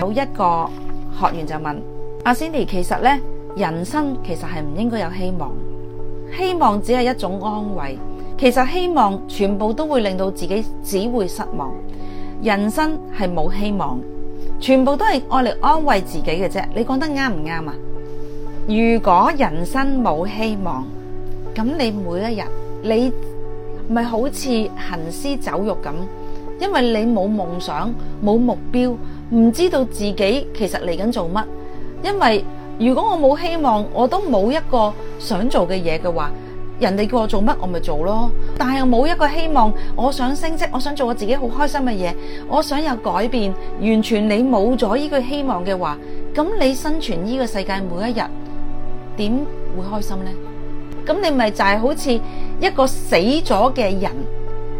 有一個學員就問阿 Cindy，其實呢，人生其實係唔應該有希望，希望只係一種安慰。其實希望全部都會令到自己只會失望。人生係冇希望，全部都係愛嚟安慰自己嘅啫。你講得啱唔啱啊？如果人生冇希望，咁你每一日你咪好似行屍走肉咁，因為你冇夢想，冇目標。唔知道自己其實嚟緊做乜，因為如果我冇希望，我都冇一個想做嘅嘢嘅話，人哋叫我做乜我咪做咯。但係冇一個希望，我想升職，我想做我自己好開心嘅嘢，我想有改變。完全你冇咗呢個希望嘅話，咁你生存呢個世界每一日點會開心咧？咁你咪就係好似一個死咗嘅人。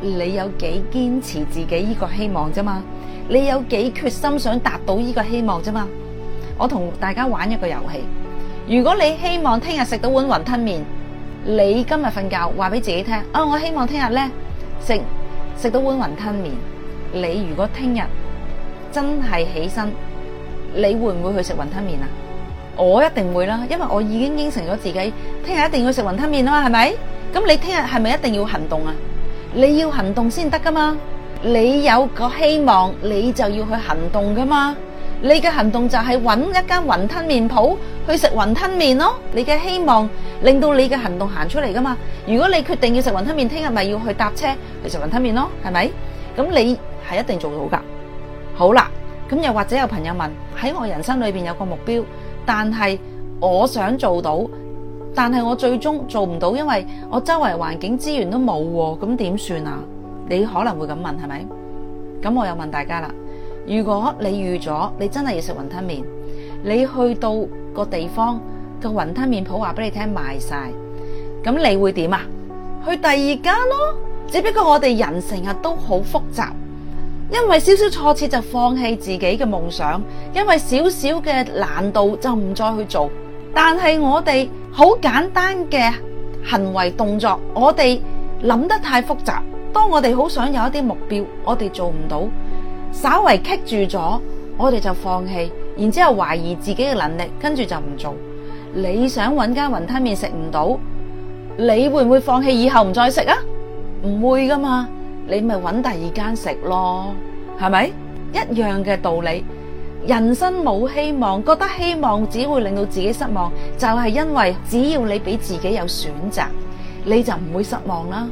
你有幾堅持自己呢個希望啫嘛？你有幾決心想達到呢個希望啫嘛？我同大家玩一個遊戲。如果你希望聽日食到碗雲吞麵，你今日瞓覺話俾自己聽啊！我希望聽日咧食食到碗雲吞麵。你如果聽日真係起身，你會唔會去食雲吞麵啊？我一定會啦，因為我已經應承咗自己聽日一定要去食雲吞麵啦，係咪？咁你聽日係咪一定要行動啊？你要行動先得噶嘛，你有個希望，你就要去行動噶嘛。你嘅行動就係揾一間雲吞麵鋪去食雲吞麵咯。你嘅希望令到你嘅行動行出嚟噶嘛。如果你決定要食雲吞麵，聽日咪要去搭車去食雲吞麵咯，係咪？咁你係一定做到噶。好啦，咁又或者有朋友問，喺我人生裏邊有個目標，但係我想做到。但係我最終做唔到，因為我周圍環境資源都冇，咁點算啊？你可能會咁問，係咪？咁、嗯、我又問大家啦，如果你預咗你真係要食雲吞麵，你去到個地方個雲吞麵鋪話俾你聽賣晒，咁、嗯、你會點啊？去第二間咯。只不過我哋人成日都好複雜，因為少少挫折就放棄自己嘅夢想，因為少少嘅難度就唔再去做。但係我哋好簡單嘅行為動作，我哋諗得太複雜。當我哋好想有一啲目標，我哋做唔到，稍為棘住咗，我哋就放棄，然之後懷疑自己嘅能力，跟住就唔做。你想搵間雲吞麵食唔到，你會唔會放棄以後唔再食啊？唔會㗎嘛，你咪搵第二間食咯，係咪一樣嘅道理？人生冇希望，覺得希望只會令到自己失望，就係因為只要你俾自己有選擇，你就唔會失望啦。